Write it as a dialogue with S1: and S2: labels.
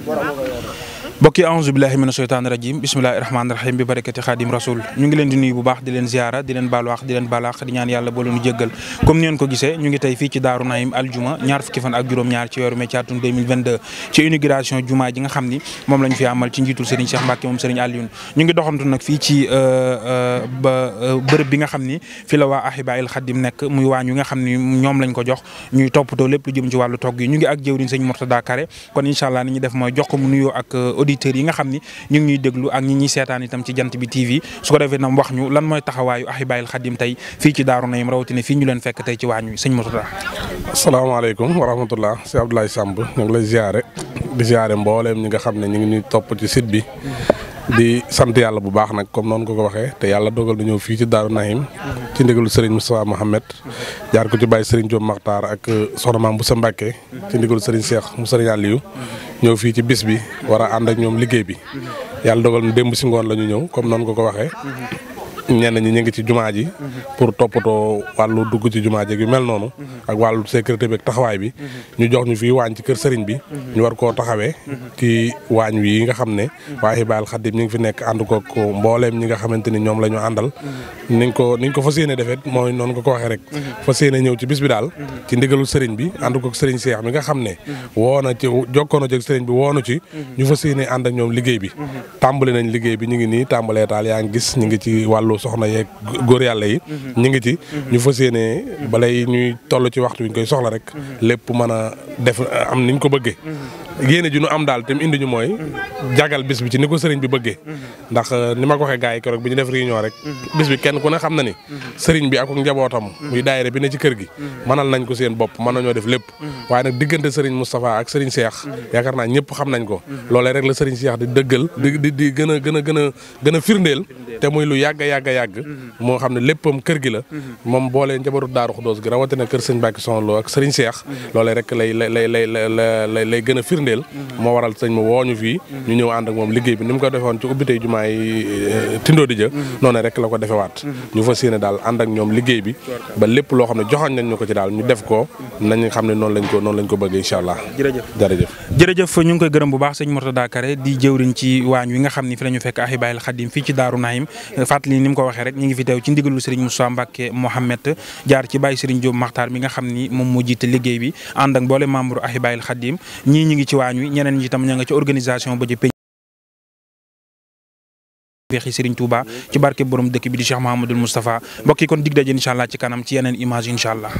S1: 뭐라고 해요? mbokk yi aouzu billahi mina sheytaani rajim bismillahi rahmaani rahim bi barakati xaadim rasul ñu ngi leen di nuyu bu baax di leen ziara di leen baalu di leen baalaax di ñaan yàlla boo leen jéggal comme ni ngeen ak juróom-ñaar ci xam ni moom lañu euh, euh, ba euh, bërëb bi nga xam ni fi la nga xam ni ñoom lañ ko jox ñu ngi ak jëwriñ Serigne Mourtada Kare kon incha allah ni ñu def mooy jox ko ak auditeurs yi nga xam ni ñu ngi ñuy déglu ak ñi ñuy seetaan itam ci jant bi TV su ko defee nam wax ñu lan mooy taxawaayu Ahibaahil Khadim tey fii ci Daaru Nahim rawatina fii ñu leen fekk tey ci waañ wi sëñ
S2: Mourtada. asalaamaaleykum wa rahmatulah si Abdoulaye Samb ñu ngi lay ziare di ziare mbooleem ñi nga xam ne ñu ngi ñuy topp ci site bi di sant yàlla bu baax nag comme noonu ko ko waxee te yàlla dogal na ñëw fii ci Daaru Nahim ci ndigalu Serigne Moustapha Mohamed jaar ko ci bàyyi Serigne Diop maxtaar ak euh, soxna Maam Boussa Mbacke ci ndigalu Serigne Cheikh mu Serigne Aliou ñëw fii ci bis bi wara ànd ak ñoom liggéey bi yàlla dogal na démb si ngoon la ñu ñëw comme noonu ko ko waxee ñen ñi ñing ci jumaa ji pour topoto walu dugg ci jumaa ji mel nonu ak walu sécurité bi ak taxaway bi ñu jox ñu fii wañ ci kër sëriñ bi ñu war ko taxawé ci wañ wi nga xamné wa hibal Khadim ñing fi nek and ko ko mbooleem ñi nga ni ñoom la ko niñ ko fasiyene defet moy non nga ko waxe rek fasiyene ñew ci bis bi dal ci ndigalu sëriñ bi and ko ak sëriñ mi nga xamné wona ci jokkoona jek sëriñ bi wonu ci ñu fasiyene and ak ñom liggéey bi tàmbali nañ liggéey bi ñu ngi nii tàmbalee taal yaa ngi gis ci walu wàllu soxna yeeg góor yàlla yi. Mhm. ñu ngi ci. Mhm. ñu fas yéenee mhm. balay ñuy toll ci waxtu wi ñu koy soxla rek. lépp mën a def am ni niñ ko bëggee. yéene ji nu am daal tam indi ñu mooy. jagal bis bi ci ni ko sëriñ bi bëggee. ndax euh, ni ma ko waxee gars yi keroog bi ñu def réunion rek. bis bi kenn ku ne xam na ni. sëriñ bi ak njabootam. muy daayira bi ne ci kër gi. mënal nañ ko seen bopp mën nañoo def lépp. waaye nag diggante sëriñ Moustapha ak sëriñ seex yaakaar naa ñëpp xam nañ ko. loolee rek la sëriñ Cheikh di dëggal. di di gën a gën a gën gën a yàgg a yàgg moo xam ne léppam kër gi la moom boolee njabaru daaru xudóos gi rawatina kër sëñ Mbàkke Soxna Lo ak sëriñ Seex loolee rek lay lay lay a moo waral sëñ ma wooñu fii ñu ñëw ànd ak moom liggéey bi ni mu ko defewoon ci ubbitey jumaa yi euh, Tindo Dija la ko defewaat ñu fas yéene daal ànd ak ñoom liggéey bi ba lépp loo xam ne joxoñ nañ ñu ko ci daal ñu def ko nañ xam ne noonu lañ ko noonu lañ ko bëgg incha allah ñu ngi koy gërëm bu
S1: baax sëñ Mortada Kare di jëwriñ ci waañ wi nga ko waxee rek ñu ngi fi teew ci ndigalu Serigne Moussa Mbacke Mohamed jaar ci Baye Serigne Diop maxtaar mi nga xam ni moom moo jiite liggéey bi ànd ak mboole membre Ahibaahil Khadim ñii ñi ngi ci waañ wi ñeneen ñi tam ña nga ci organisation ba ci feexi Serigne Touba ci barke borom dëkk bi di Cheikh Mahamadul Moustapha mbokk yi kon dig daje incha allah ci kanam ci yeneen image incha allah